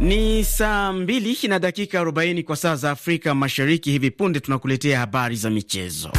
Ni saa mbili na dakika arobaini kwa saa za Afrika Mashariki. Hivi punde tunakuletea habari za michezo.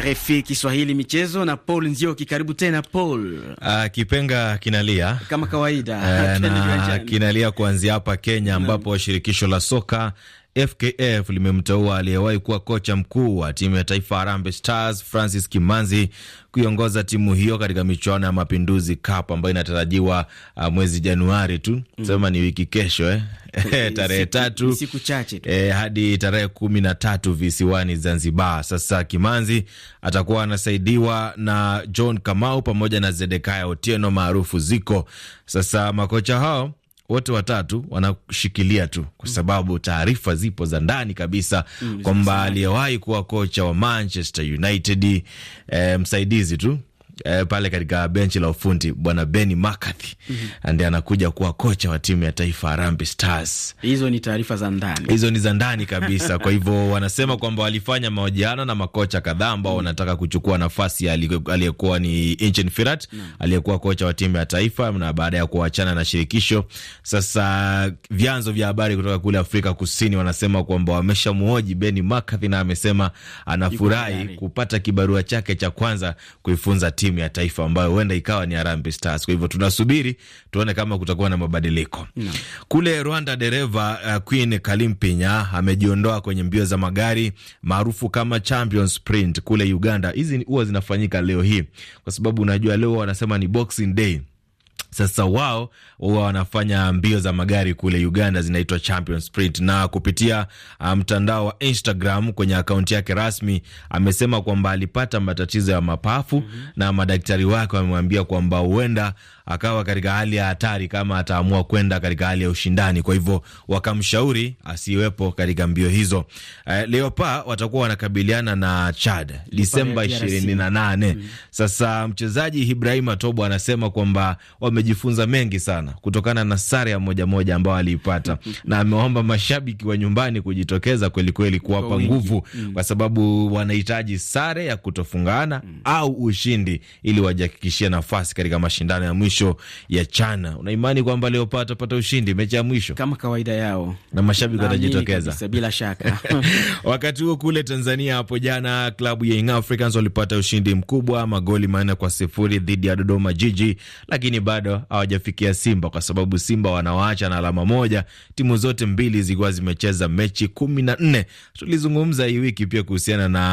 RFI Kiswahili michezo na Paul Nzioki. Karibu tena Paul. Uh, kipenga kinalia kama kawaida uh, na kinalia kuanzia hapa Kenya ambapo shirikisho la soka FKF limemteua aliyewahi kuwa kocha mkuu wa timu ya taifa Harambee Stars Francis Kimanzi kuiongoza timu hiyo katika michuano ya Mapinduzi Cup ambayo inatarajiwa uh, mwezi Januari tu, mm. sema ni wiki kesho eh? tarehe tatu siku chache eh, hadi tarehe kumi na tatu visiwani Zanzibar. Sasa Kimanzi atakuwa anasaidiwa na John Kamau pamoja na Zedekaya Otieno maarufu Ziko. Sasa makocha hao wote watatu wanashikilia tu, kwa mm. sababu taarifa zipo za ndani kabisa mm, kwamba aliyewahi kuwa kocha wa Manchester United eh, msaidizi tu eh, pale katika benchi la ufundi bwana Beni Makathi mm -hmm. ndiye anakuja kuwa kocha wa timu ya taifa Harambee Stars. Hizo ni taarifa za ndani, hizo ni za ndani kabisa. kwa hivyo wanasema kwamba walifanya mahojiano na makocha kadhaa ambao mhm. wanataka kuchukua nafasi aliyekuwa ni Inchen Firat mm -hmm. aliyekuwa kocha wa timu ya taifa, na baada ya kuachana na shirikisho, sasa vyanzo vya habari kutoka kule Afrika Kusini wanasema kwamba wameshamuoji Beni Makathi na amesema anafurahi kupata kibarua chake cha kwanza kuifunza timu timu ya taifa ambayo huenda ikawa ni Harambee Stars. Kwa hivyo tunasubiri tuone kama kutakuwa na mabadiliko no. Kule Rwanda, dereva uh, Queen Kalimpinya amejiondoa kwenye mbio za magari maarufu kama Champion Sprint kule Uganda. Hizi huwa zinafanyika leo hii kwa sababu unajua leo wanasema ni Boxing Day sasa wao huwa wanafanya mbio za magari kule Uganda, zinaitwa Champion Sprint, na kupitia ah, mtandao um, wa Instagram kwenye akaunti yake rasmi amesema kwamba alipata matatizo ya mapafu mm -hmm. na madaktari wake wamemwambia kwamba huenda akawa katika hali ya hatari kama ataamua kwenda katika hali ya ushindani. Kwa hivyo wakamshauri asiwepo katika mbio hizo. Uh, Leopa watakuwa wanakabiliana na Chad Disemba ishirini na nane. Mm. Sasa mchezaji Ibrahim Atobo anasema kwamba wame amejifunza mengi sana kutokana na sare ya moja moja ambayo aliipata, na ameomba mashabiki wa nyumbani kujitokeza kwelikweli kuwapa nguvu mm. kwa sababu wanahitaji sare ya kutofungana mm. au ushindi ili wajihakikishia nafasi katika mashindano ya mwisho ya Chana. Unaimani kwamba Leopards watapata ushindi mechi ya mwisho kama kawaida yao na mashabiki watajitokeza bila shaka. Wakati huo kule Tanzania, hapo jana klabu ya Young Africans walipata ushindi mkubwa magoli manne kwa sifuri dhidi ya Dodoma Jiji, lakini bado bado hawajafikia Simba kwa sababu Simba wanawaacha na alama moja. Timu zote mbili zilikuwa zimecheza mechi kumi na nne. Tulizungumza hii wiki pia kuhusiana na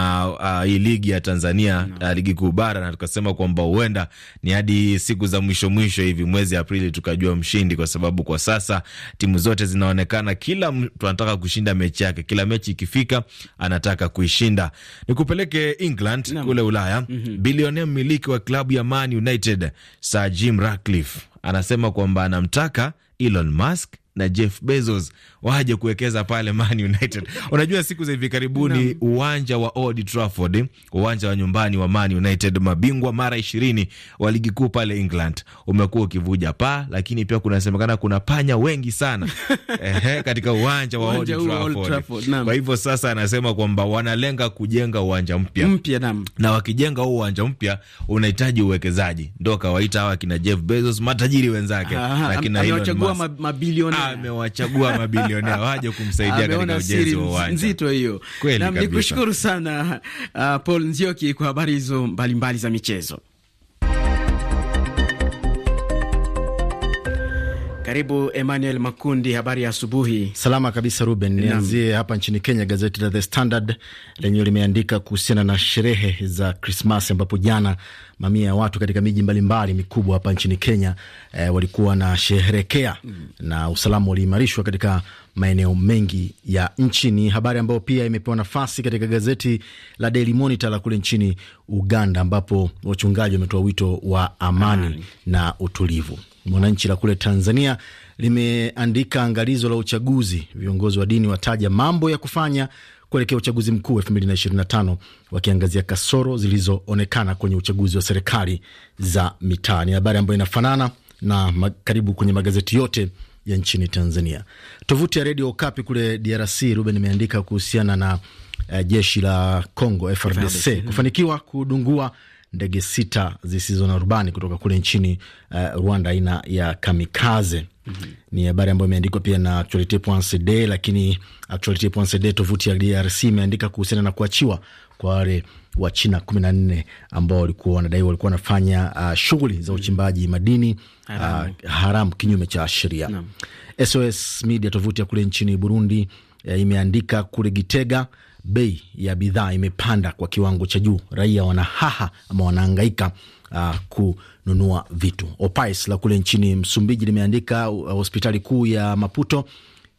uh, hii ligi ya Tanzania no. Uh, ligi kuu bara, na tukasema kwamba huenda ni hadi siku za mwisho mwisho hivi mwezi Aprili tukajua mshindi, kwa sababu kwa sasa timu zote zinaonekana kila mtu anataka kushinda mechi yake, kila mechi ikifika anataka kuishinda. Nikupeleke England no. kule Ulaya mm -hmm. bilionea mmiliki wa klabu ya Man United Sir Jim Ratcliffe anasema kwamba anamtaka Elon Musk na Jeff Bezos waje kuwekeza pale Man United. Unajua siku za hivi karibuni no. uwanja wa Old Trafford, uwanja wa nyumbani wa Man United, mabingwa mara ishirini wa ligi kuu pale England, umekuwa ukivuja paa, lakini pia kunasemekana kuna panya wengi sana ehe, katika uwanja wa Old Trafford. Trafford kwa hivyo sasa anasema kwamba wanalenga kujenga uwanja mpya mpya, na wakijenga huu uwanja mpya unahitaji uwekezaji, ndo kawaita hawa kina Jeff Bezos matajiri wenzake, lakini amewachagua mabilioni amewachagua mabilionea waje kumsaidia katika ujenzi wa uwanja. Nzito hiyo. Nikushukuru sana uh, Paul Nzioki kwa habari hizo mbalimbali za michezo. Karibu Emmanuel Makundi, habari ya asubuhi. Salama kabisa Ruben. Nianzie hapa nchini Kenya, gazeti la The Standard lenyewe limeandika kuhusiana na sherehe za Krismasi ambapo jana mamia ya watu katika miji mbalimbali mikubwa hapa nchini Kenya e, walikuwa wanasherehekea mm, na usalama uliimarishwa katika maeneo mengi ya nchi. Ni habari ambayo pia imepewa nafasi katika gazeti la Daily Monitor la kule nchini Uganda ambapo wachungaji wametoa wito wa amani, amani na utulivu. Mwananchi la kule Tanzania limeandika angalizo la uchaguzi, viongozi wa dini wataja mambo ya kufanya kuelekea uchaguzi mkuu 2025 wakiangazia kasoro zilizoonekana kwenye uchaguzi wa serikali za mitaa. Ni habari ambayo inafanana na karibu kwenye magazeti yote ya nchini Tanzania. Tovuti ya redio Okapi kule DRC, Ruben imeandika kuhusiana na uh, jeshi la Congo FRDC kufanikiwa kudungua ndege sita zisizo na rubani kutoka kule nchini uh, Rwanda aina ya kamikaze. Mm -hmm. Ni habari ambayo imeandikwa pia na Actualite.cd, lakini Actualite.cd tovuti ya DRC imeandika kuhusiana na kuachiwa kwa wale wa China kumi na nne ambao walikuwa wanadai walikuwa wanafanya uh, shughuli za mm. uchimbaji madini uh, haramu kinyume cha sheria. SOS Media tovuti ya kule nchini Burundi eh, imeandika kule Gitega bei ya bidhaa imepanda kwa kiwango cha juu, raia wanahaha ama wanaangaika Uh, ah, kununua vitu. Opais la kule nchini Msumbiji limeandika uh, hospitali kuu ya Maputo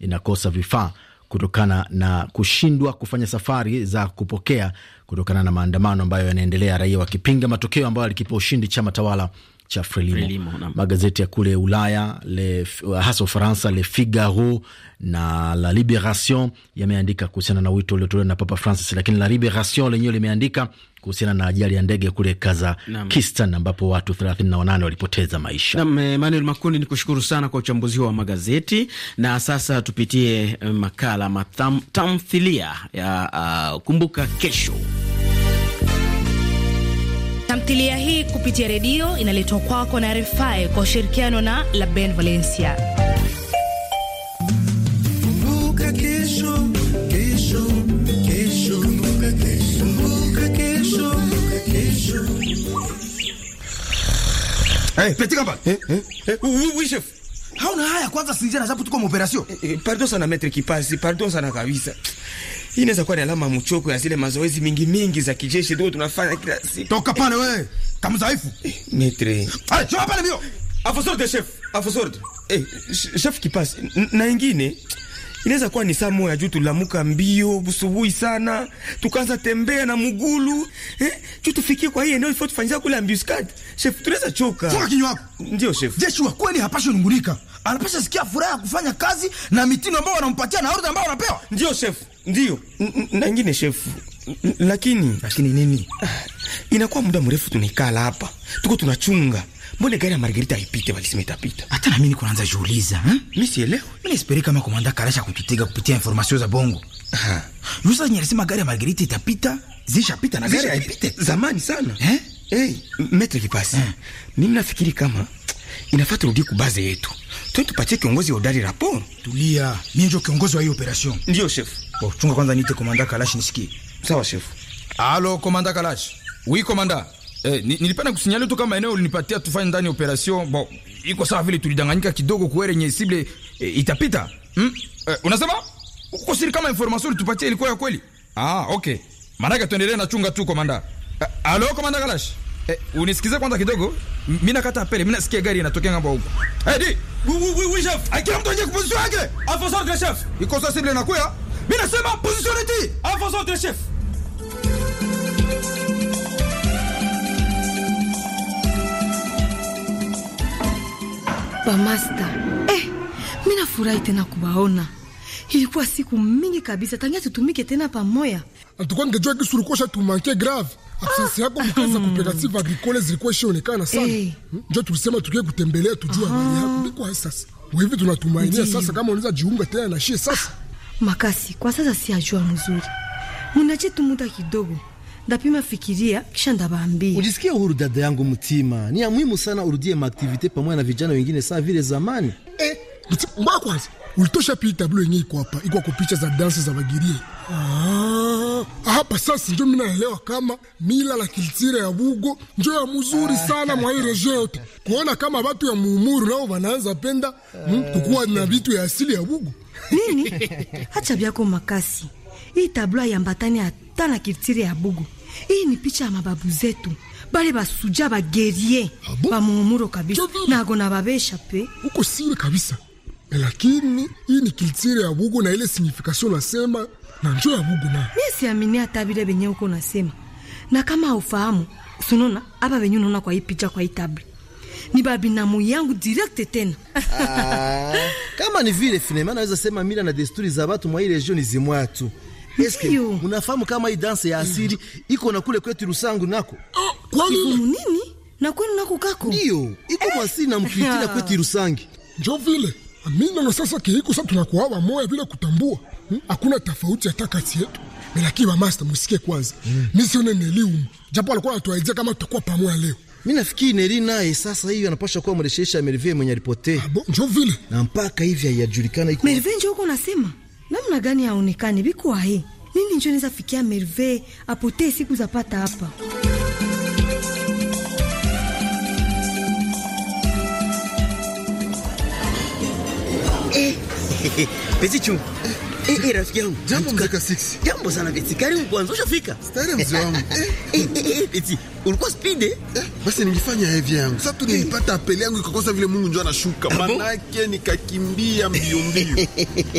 inakosa vifaa kutokana na kushindwa kufanya safari za kupokea kutokana na maandamano ambayo yanaendelea, raia wakipinga matokeo ambayo alikipa ushindi chama tawala cha Frelimo, Frelimo magazeti ya kule Ulaya le, hasa Ufaransa, Le Figaro na La Liberation yameandika kuhusiana na wito uliotolewa na Papa Francis, lakini La Liberation lenyewe limeandika kuhusiana na ajali ya ndege kule Kazakistan ambapo watu 38 walipoteza maisha. Nam eh, Emmanuel Makundi, ni kushukuru sana kwa uchambuzi wa magazeti, na sasa tupitie eh, makala matamthilia ya uh, kumbuka kesho Tamthilia hii kupitia redio inaletwa kwako na RFI kwa ushirikiano na La Ben Valencia. Eh, eh. Hauna haya kwanza, sijana sababu tuko mu operation. Eh, pardon sana maître Kipasi, pardon sana kabisa. Hii inaweza kuwa ni alama ya mchoko ya zile mazoezi mingi mingi za kijeshi ndio tunafanya kila siku. Toka pale eh, wewe, kama dhaifu. Eh, Mitre. Ah, chua pale afosor de chef, afosorde. Eh, chef eh, kipasi. Na nyingine inaweza kuwa ni saa moja juu tulamuka mbio busubuhi sana, tukaanza tembea na mugulu eh, juu tufikie kwa hii eneo ifo tufanyia kule ambuscade. Chef, tunaweza choka. Fuka kinywa wako. Ndio chef. Jeshi wa kweli hapashi nungurika, anapasha sikia furaha kufanya kazi na mitindo ambao wanampatia na orodha ambayo wanapewa. Ndio chef. Ndio nangine shefu, lakini lakini nini? Ah, inakuwa muda mrefu tunaikala hapa, tuko tunachunga. Mbona gari ya Margarita haipite? Walisema itapita. Hata na mimi niko naanza jiuliza, mimi hmm? sielewi. Mimi nasperi kama komanda Karasha kututega kupitia information za bongo. Yusa alisema gari ya Margarita itapita, zishapita na gari haipite zamani sana eh? Hey, metre Lipasi, eh. mimi nafikiri kama inafaa turudi kubaze yetu, tupatie kiongozi wa hodari rapo. Tulia, mimi ndio kiongozi wa hiyo operation. Ndio shefu. Bo, chunga kwanza niite komanda Kalash nisikie. Sawa chef. Alo komanda Kalash. Oui komanda. Eh, nilipenda kusinyali tu kama eneo ulinipatia tufanye ndani operation. Bon, iko sawa vile tulidanganyika kidogo kuere nye sible eh, itapita. Hmm? Eh, unasema? Uko siri kama information ulitupatia ilikuwa ya kweli? Ah, okay. Maraka tuendelee na chunga tu komanda. Eh, alo komanda Kalash. Eh, unisikize kwanza kidogo. Mimi nakata apele, mimi nasikia gari inatokea ngambo huko. Hey, eh, di. Oui, oui, oui, chef. Akira eh, mtu anje kupozisha yake. Afonsor de chef. Iko sawa sible nakuya. Mimi nasema position niti vos votre chef. Bamasta, eh, mimi nafurahi tena kubaona. Ilikuwa siku mingi kabisa tangia tutumike tena pamoja. Atakuwa ngejua kisu ulikosha tumanke grave. Absence ah. yako mkazi za cooperative mm. agricole zilikuwa ishaonekana sana. Hey. Eh. Hmm? Ndio tulisema tukiwe kutembelea tujue habari ah. yako. Ndiko sasa. Wewe tunatumainia sasa kama unaweza jiunga tena na shie sasa. Ah. Makasi kwa sasa si ajua mzuri, munachetu muda kidogo, ndapima fikiria kisha ndabaambia. Ujisikia huru dada yangu mtima, ni ya muhimu sana urudie maaktivite pamoja na vijana wengine saa vile zamani. Eh, mbona kwanza ulitosha pili tablo yenyewe iko hapa, iko kwa picha za dansi za Bagirie. Ah, hapa sasa ndio mimi kama mila la kilitira ya Bugo ndio ya mzuri sana mwa hii region yote, kuona kama watu ya muumuru nao wanaanza penda tukuwa hmm, na vitu ya asili ya Bugo nini? hacha vyako makasi. Hii tablo yambatani hata na kirtire ya bugu. Hii ni picha ya mababu zetu bale basuja bagerie ah, bamuhumuro kabisa, nago babesha pe. Uko siri kabisa, lakini hii ni kiltire ya bugu na ile signifikasio nasema na njo ya bugu na mi siamini hata vile benye uko nasema, na kama haufahamu sunona aba benye unaona kwa hii picha, kwa hii tablo ni babinamu yangu direct tena. Ah, kama ni vile finema naweza sema mila na desturi za watu mwa ile region ni zimwa tu. Eske unafahamu kama hii danse ya asili iko na kule kwetu Rusangu nako? Ah, kwa nini? nini Na kwenu nako kako? Ndio, iko mwasili na mkitina ah. kwetu Rusangi. njo vile. Amina na sasa kihiko sasa tunakuwa wamoja vile kutambua. Hmm? Hakuna hmm? tofauti hata kati yetu. Lakini master msikie kwanza. Mm. Mimi sione neliumu. Japo alikuwa anatuaizia kama tutakuwa pamoja leo. Mimi nafikiri Neri naye sasa hiyo anapaswa kuwa mrejesha Merve mwenye alipotea. Ah, ndio vile. Na mpaka hivi haijulikana iko. Merve ndio huko unasema? Namna gani haonekani biko hai? Nini ndio naweza fikia Merve apote siku zapata hapa? Eh. Pezi chu. Eh, eh, rafiki yangu. Jambo mzee Kasiksi. Jambo sana Pezi. Karibu kwanza ushafika. Stare mzee wangu. Eh, eh, eh, eh Pezi ulikuwa speed eh? eh basi nilifanya hivi yangu. Sasa tu nilipata apeli yangu ikakosa vile Mungu ndio anashuka. Ah, manake nikakimbia mbio mbio.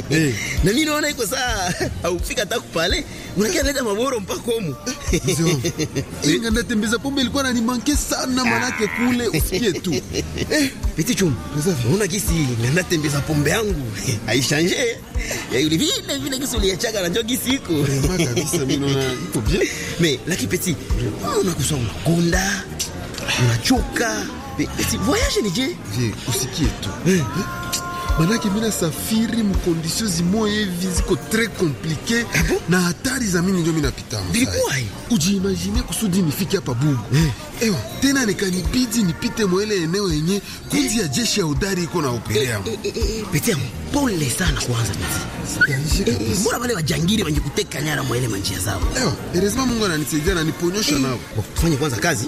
Eh. Na mimi naona iko saa au fika hata kupale. Unakia nenda maboro mpaka homu eh, Ndio. Inga natembeza pombe ilikuwa na nimanke sana manake kule usikie tu. Eh, piti chum. Unaona kisi inga ngana tembeza pombe yangu. Haishanje. Ya yule vile vile kisi uliachaga na njoo siku iko. Mama kabisa mimi naona iko bien. Mais la kipeti. Unakusoma unakonda, unachoka. Voyage ni je, est toi manake mina safiri mukondisio zimoya hivi ziko tre komplike ah na hatari za mini ndio minapitama. ujiimagine kusudi nifike hapa bugu eh. Ewa eh, tena nikanibidi nipite mwele eneo yenye kundi ya jeshi ya udari iko na operea eh, eh, pole sana kwanza mbona wale wajangiri wenye kuteka nyara mwele manjia zao. Ewa, eresima Mungu ananisaidia na niponyosha nao. Fanye kwanza kazi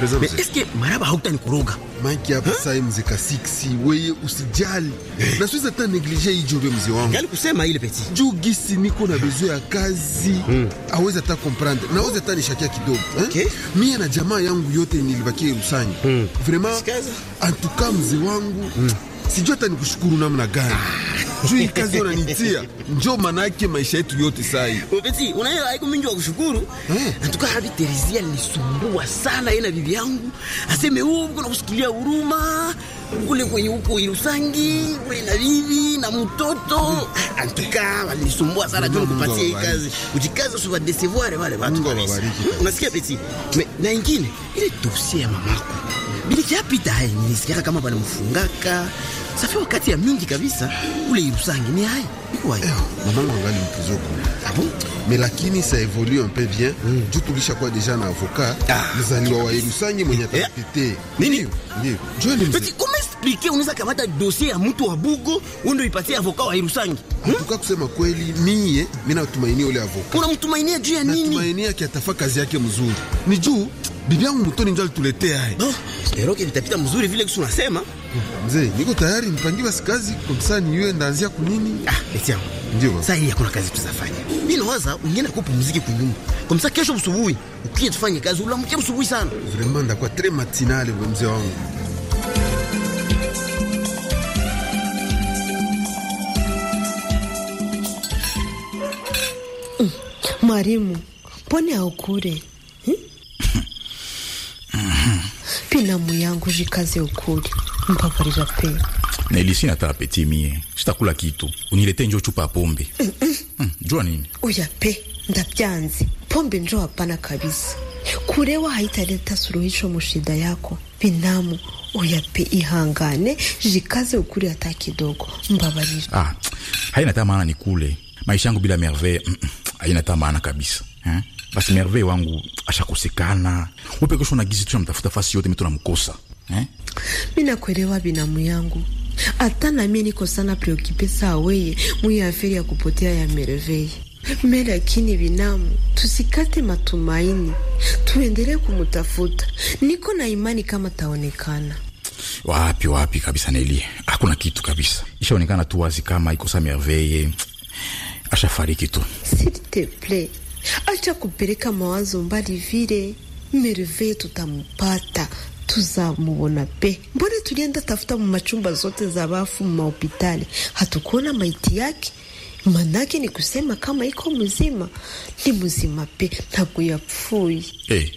Eske maraba hautanikuruga Mike hapa e sasa, mzee Kasiksi, wewe usijali eh. Na siwezi hata neglige hii juu mzee wangu. Ngali kusema e ile peti. Juu gisi niko na besoin ya kazi. Hmm. Aweza hata comprendre. Na aweza hata nishakia kidogo. Eh? Okay. Eh? Mimi na jamaa yangu yote nilibakia Rusani. Hmm. Vraiment. En tout cas mzee wangu. Hmm. Sijui hata nikushukuru namna gani. Ah sijui kazi unanitia njo manake maisha yetu yote sai mopeti unaelewa, haiko mingi wa kushukuru eh? antuka. Habi Terezia nisumbua sana yeye na bibi yangu, aseme wewe uko kusikilia huruma kule kwenye huko Irusangi kule na bibi na mtoto antuka, alinisumbua sana tu kupatia hii kazi, ujikaza usiwa decevoir wale watu. Unasikia peti na ingine ile dossier ya mamako bilijapita hai, nilisikiaka kama banamfungaka safi wakati ya mingi kabisa ule irusangi ni hai eh, mamangu angali mpuzoku abo me lakini sa évolue un peu bien mm. juu tulishakuwa deja na avoka ah, mzaliwa wa irusangi mwenye eh, eh. atatete nini ndio jo ni mzee expliquer unaweza kamata dossier ya mtu wa Bugo undo ipatie avoka wa Irusangi. Hmm? Tuka kusema kweli mie mimi natumainia ule avoka. Unamtumainia juu ya nini? Natumainia kiatafa kazi yake mzuri. Ni juu bibi yangu mtoni ndio alituletea hai. Oh, eh. Eroke itapita mzuri vile kusu nasema. Mzee, niko tayari mpangie basi kazi kwa sasa niwe ndaanzia kunini? Ah, eti yangu. Ndio. saa hii hakuna kazi tutafanya. Mimi nawaza ungeenda kupumzika kunyumba. Kwa msaka kesho msubuhi ukije tufanye kazi ulamkia msubuhi sana. Vraiment ndakuwa tre matinale kwa mzee wangu. Mm, Mwalimu, mbona haukule? yangu jikaze ukuli, mpaparira pe nailisi na peti mie, sitakula kitu, unilete njo chupa pombe. mm -mm. Hmm, jua nini uya pe ndabyanze, pombe njo hapana kabisa. Kulewa haitaleta suluhisho mushida yako binamu. Uya pe ihangane, jikaze ukuli hata kidogo, mbabarira. Ah, haina tamana nikule maisha yangu bila Merveille. Mm -mm. haina tamana kabisa eh? basi Merve wangu ashakosekana, upekesho na gizi, tu namtafuta fasi yote, mimi tunamkosa eh? Mimi nakuelewa binamu yangu, hata na mimi niko sana preokipe saa weye mwi aferi ya kupotea ya Merve me, lakini binamu, tusikate matumaini, tuendelee kumutafuta. Niko na imani kama taonekana. Wapi wapi kabisa, Neli, hakuna kitu kabisa, ishaonekana tu wazi kama ikosa Merveye ashafariki tu, s'il te plait acha kupeleka mawazo mbali vile. Merve tutampata tuzamubona pe. Mbona tulienda tafuta mu machumba zote za bafu mu hatukuona maiti yake. Manake ni kusema kama iko muzima ni muzima pe, ntabwo yapfuye. Eh, hey.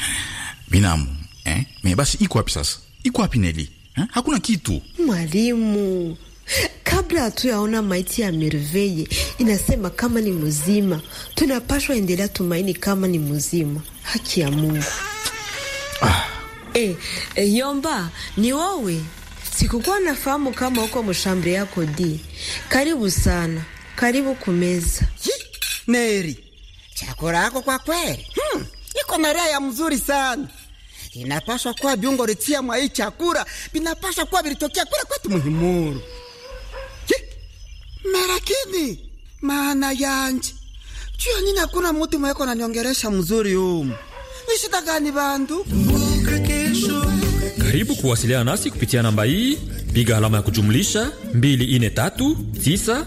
Binamu eh? Me basi iko wapi sasa? Iko wapi Neli eh? Hakuna kitu mwalimu kabla hatuyaona maiti ya Merveye inasema kama ni mzima, tunapashwa endelea tumaini kama ni mzima. Haki ya Mungu. Ah. E, e, Yomba ni wowe, sikukuwa nafahamu kama uko mshambre yako di. Karibu sana, karibu kumeza. Neri, chakula yako kwa kweli hmm, iko na rea ya mzuri sana inapashwa kuwa viungo ritia mwa hii chakula vinapashwa kuwa vilitokea kule kwetu Muhimuru. Marakini maana yanje chuo nini, hakuna muti mweko naniongeresha mzuri umu nishita gani bandu? Karibu kuwasiliana nasi kupitia namba hii, piga alama ya kujumlisha 243 9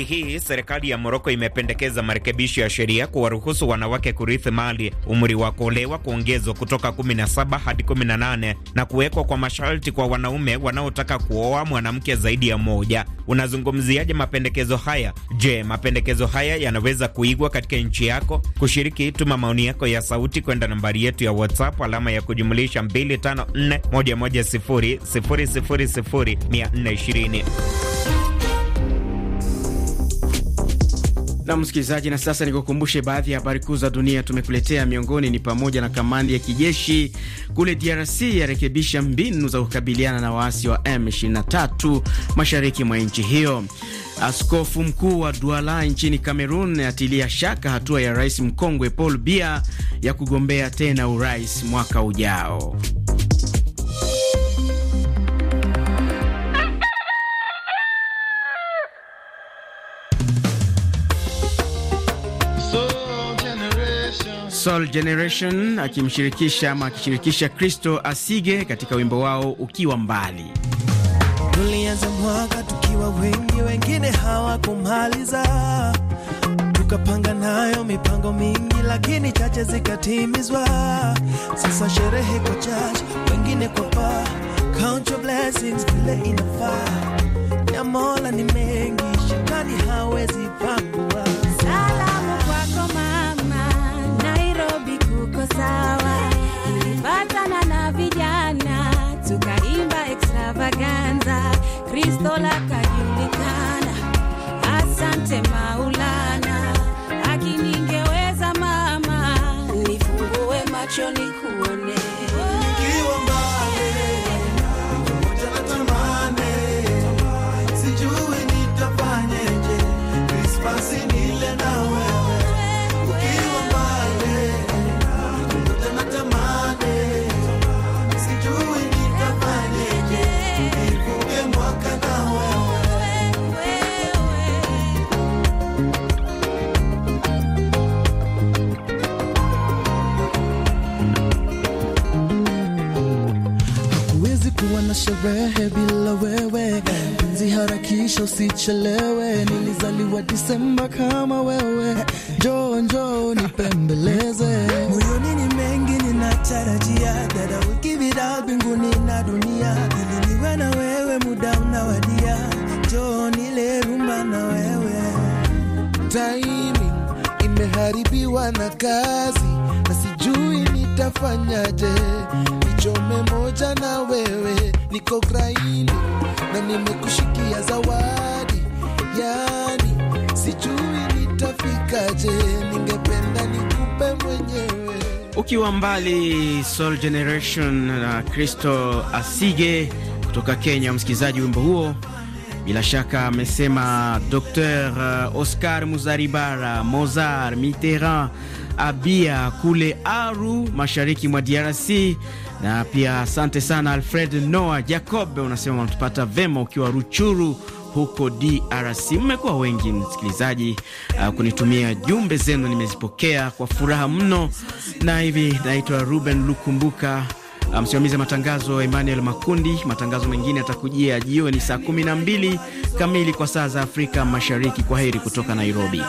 Wiki hii serikali ya Moroko imependekeza marekebisho ya sheria kuwaruhusu wanawake kurithi mali, umri wa kuolewa kuongezwa kutoka 17 hadi 18 na kuwekwa kwa masharti kwa wanaume wanaotaka kuoa mwanamke zaidi ya moja. Unazungumziaje mapendekezo haya? Je, mapendekezo haya yanaweza kuigwa katika nchi yako? Kushiriki, tuma maoni yako ya sauti kwenda nambari yetu ya WhatsApp alama ya kujumulisha 254110000420. Na msikilizaji, na sasa nikukumbushe baadhi ya habari kuu za dunia tumekuletea. Miongoni ni pamoja na kamandi ya kijeshi kule DRC yarekebisha mbinu za kukabiliana na waasi wa M23 mashariki mwa nchi hiyo. Askofu mkuu wa duala nchini cameron atilia shaka hatua ya rais mkongwe Paul Biya ya kugombea tena urais mwaka ujao. Soul Generation akimshirikisha ama akishirikisha Kristo Asige katika wimbo wao ukiwa mbali. Tulianza mwaka tukiwa wengi, wengine hawakumaliza, tukapanga nayo mipango mingi, lakini chache zikatimizwa. Sasa sherehe kwa chache, wengine kwa pa, count your blessings vile inafaa, ya Mola ni mengi, shetani hawezi pangua sawa, ilipatana na vijana tukaimba extravaganza, Kristo lakajulikana. Asante Maulana, akiningeweza mama nifungue machoni nichelewe, nilizaliwa Disemba kama wewe. Njoo njoo nipembeleze, moyoni ni mengi ninatarajia, dada, wiki bila na dunia, ili niwe na wewe, muda unawadia, njoo nile rumba na wewe. Taimi imeharibiwa na kazi na sijui nitafanyaje, nichome moja na wewe, niko graini na nimekushikia zawadi yani sijui nitafikaje, ningependa nikupe mwenyewe. Ukiwa mbali, Soul Generation na Kristo Asige kutoka Kenya, msikilizaji wimbo huo bila shaka amesema Dr uh, Oscar Muzaribara Mozar Mitterrand Abia kule Aru, mashariki mwa DRC. Na pia asante sana Alfred Noah Jacob, unasema unatupata vema ukiwa Ruchuru huko DRC. Mmekuwa wengi msikilizaji uh, kunitumia jumbe zenu, nimezipokea kwa furaha mno, na hivi naitwa Ruben Lukumbuka, uh, msimamizi um, wa matangazo Emmanuel Makundi. Matangazo mengine yatakujia jioni saa 12 kamili kwa saa za Afrika Mashariki. Kwa heri kutoka Nairobi.